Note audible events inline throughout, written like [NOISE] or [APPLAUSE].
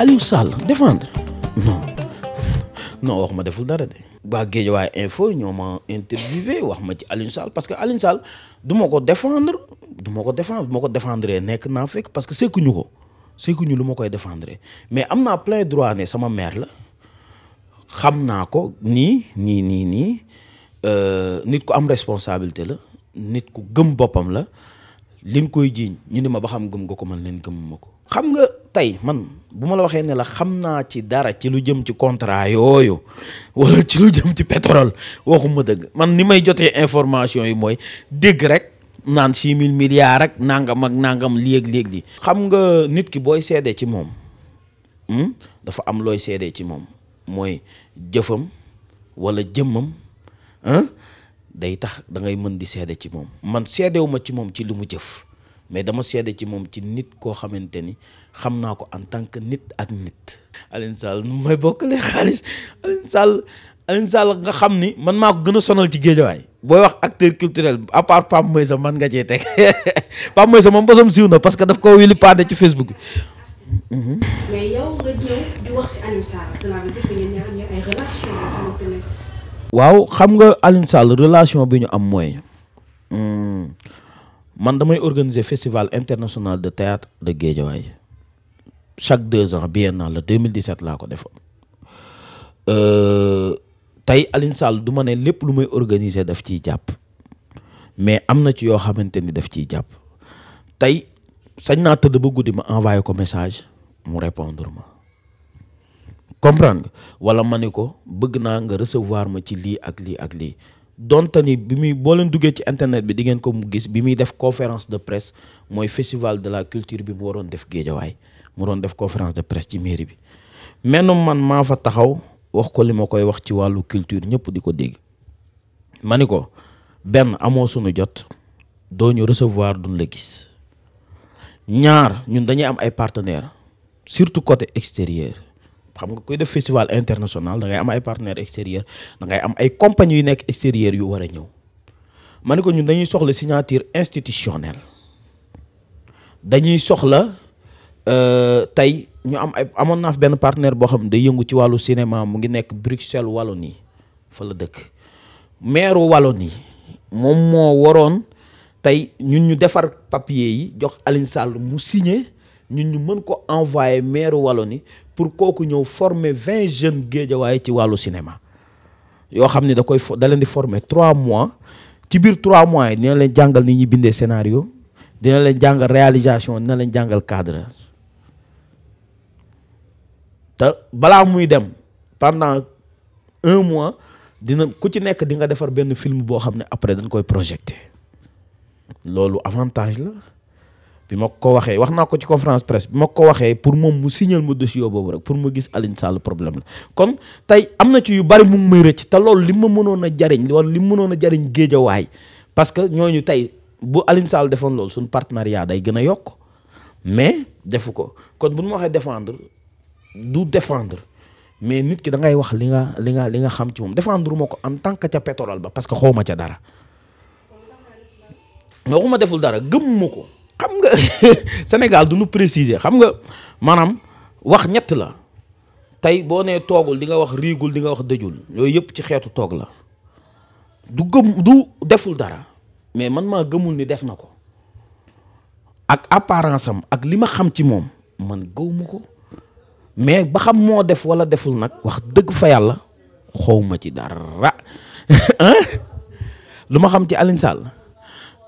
Aliou Sall défendre non non wax ma deful dara de. waa Guédiawaye info ñoo ma interviewé wax ma ci Aliou Sall parce que Aliou Sall du ma ko défendre du ma ko défendre du ma ko défendre nekk naa fekk parce que sekkuñu ko sekkuñu lu ma koy défendre mais am naa plein droit ne sama mère la xam naa ko nii nii nii nii euh, nit ku am responsabilité la nit ku gëm boppam la liñ koy jiiñ ñu ne ma ba xam gëm nga ko man leen gëm ma ko xam nga. tey man bu ma la waxee ne la xam naa ci dara ci lu jëm ci contrat yooyu wala ci lu jëm ci pétrole waxuma dëgg man ni may jotee information yi mooy dégg rek naan six mille milliards rek nangam ak nangam léeg-léeg li xam nga nit ki booy seede ci moom hmm, dafa am looy seede ci moom mooy jëfam wala jëmmam day tax dangay ngay mën di seede ci moom man seedewu ma ci moom ci li mu jëf mais dama seede ci moom ci nit koo xamante ni xam naa ko en tant que nit ak nit. Alioune mooy nu may xaalis Alioune nga xam ni man maa ko gën a sonal ci géejawaay booy wax acteur culturel à part Pape Moïse man nga cee teg [LAUGHS] Pape Moïse moom bosam siiw na parce que daf koo wili paande ci Facebook bi. Mhm. waaw xam nga Alioune Sall relation bi ñu am mooy. Hmm, man damay organiser festival international de théâtre de Guédiawaye chaque deux ans biennal la 2017 laa ko defoon euh, tey Alioune du ma lépp lu may organiser daf ci jàpp mais am na ci yoo xamante ni daf ciy jàpp tey sañ naa tëdd ba guddi ma envoyé ko message mu répondre ma comprendre nga wala ma ni ko bëgg naa nga recevoir ma ci lii ak lii ak lii. donte ni bi muy boo leen duggee ci internet bi di ngeen ko mu gis bi muy def conférence de presse mooy festival de la culture bi mu waroon def géejawaay mu doon def conférence de presse ci mairie bi menn man maa fa taxaw wax ko li ma koy wax ci wàllu culture ñëpp di ko dégg ma ni ko benn amoo sunu jot doo ñu recevoir duñ la gis ñaar ñun dañuy am ay partenaires surtout côté extérieur xam nga kuy def festival international da ngay am ay partenaires extérieurs da ngay am ay compagnie yu nekk extérieurs yu war a ñëw ma ne ko ñun dañuy soxla signature institutionnelle dañuy soxla euh, tey ñu am ay amoon naa fi benn partenaire boo xam ne day yëngu ci wàllu cinéma mu ngi nekk Bruxelles Wallonie fa la dëkk wallo nii moom moo waroon tey ñun ñu defar papier yi jox Alioune Sall mu signé. ñun ñu mën ko envoyé maire Wallonie pour kooku ñëw former vingt jeunes géejawaay ci wàllu cinéma yoo xam ne da koy da leen di former trois mois ci biir trois mois yi dina leen jàngal ni ñuy bindee dina leen jàngal réalisation dina leen jàngal cadre te balaa muy dem pendant un mois dina ku ci nekk di nga defar benn film boo xam ne après dañ koy projeté loolu avantage la bi ma ko waxee wax naa ko ci conférence presse bi ma ko waxee pour moom mu signal ma dossier boobu rek pour ma gis Alioune Sall problème la kon tey am na ci yu bari mu ngi may rëcc te loolu li ma mënoon a jariñ wala li mu mënoon a jariñ géejawaay parce que ñooñu tey bu Alioune Sall defoon loolu suñu partenariat day gën a yokk mais defu ko kon bu nu ma waxee défendre du défendre mais nit ki da ngay wax li nga li nga li nga xam ci moom défendre ma ko en tant que ca pétrole ba parce que xaw ma ca dara waxuma deful dara gëm ma ko. xam nga [LAUGHS] Sénégal du nu préciser xam nga maanaam wax ñett la tey boo nee toogul di nga wax riigul di nga wax dëjul yooyu yëpp ci xeetu toog la du gëm du deful dara mais man maa gëmul ni def na ko ak apparence am ak li ma xam ci moom man gëwuma ko mais ba xam moo def wala deful nag wax dëgg fa yàlla xawma ci dara [LAUGHS] lu ma xam ci Alioune Sall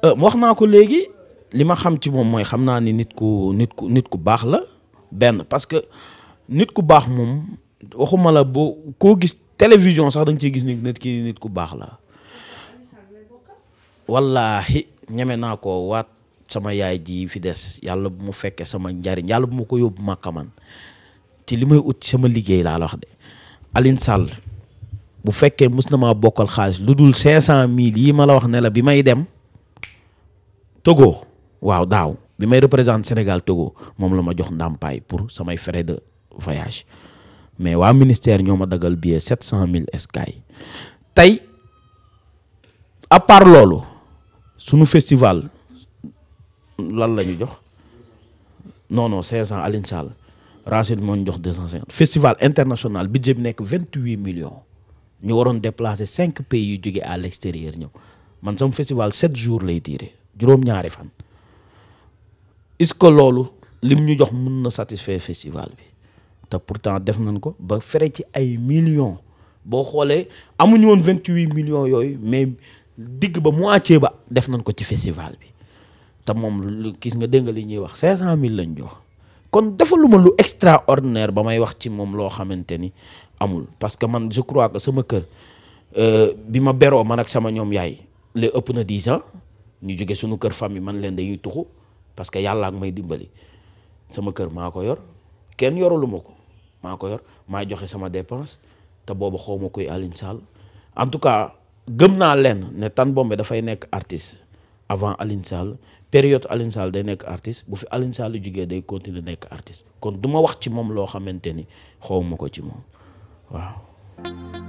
euh, wax naa ko léegi. li ma xam ci moom mooy xam naa ni nit ku nit ku nit ku baax la benn parce que nit ku baax moom waxuma la boo koo gis télévision sax da nga gis ni nit ki nit ku baax la wallaahi ñeme naa ko waat sama yaay ji fi des yàlla bu mu fekkee sama njariñ yàlla bu ma ko yóbbu màkkaman ci li may ut sama liggéey laa la wax de Alioune Sall bu fekkee mus na maa bokkal xaalis lu dul cinq cent mille yi ma la wax nela bi may dem Togo waaw daaw bi may représente Sénégal Togo moom la ma jox ndàmpaay pour samay frais de voyage mais waa ministère ñoo ma dagal billet sept cent mille escay tey à part sunu festival lan la ñu jox non non cinq cent Aline Sall Rachid moo ñu jox deux cent cinquante festival international budget bi nekk vingt huit million ñu waroon déplacer cinq pays yu jóge à l'extérieur ñëw man sama festival sept jours lay diire juróom-ñaari fan est-ce que loolu lim ñu jox mun na satisfaire festival bi te pourtant def nañ ko ba fere ci ay millions boo xoolee amuñu woon vingt huit millions yooyu mais digg ba mois moitié ba def nañ ko ci festival bi te moom gis nga dégg nga li ñuy wax cinq cent mille lañ jox kon defaluma lu extraordinaire ba may wax ci moom loo xamante ni amul parce que man je crois que sama kër euh, bi ma beroo man ak sama ñoom yaay les ëpp na dix ans ñu jóge sunu kër famille man leen dañuy tuxu parce que yàlla ak may dimbali sama kër maa ko yor kenn yoralu ko maa ko yor maa joxe sama dépense te boobu xaw ma koy Alioune en tout cas gëm naa lenn ne Tan Bombe dafay nekk artiste avant Alioune Sall période Alioune day nekk artiste bu fi Alioune Sall jugee day continuer nekk artiste kon duma wax ci moom loo xamante ni xawma ko ci moom waaw.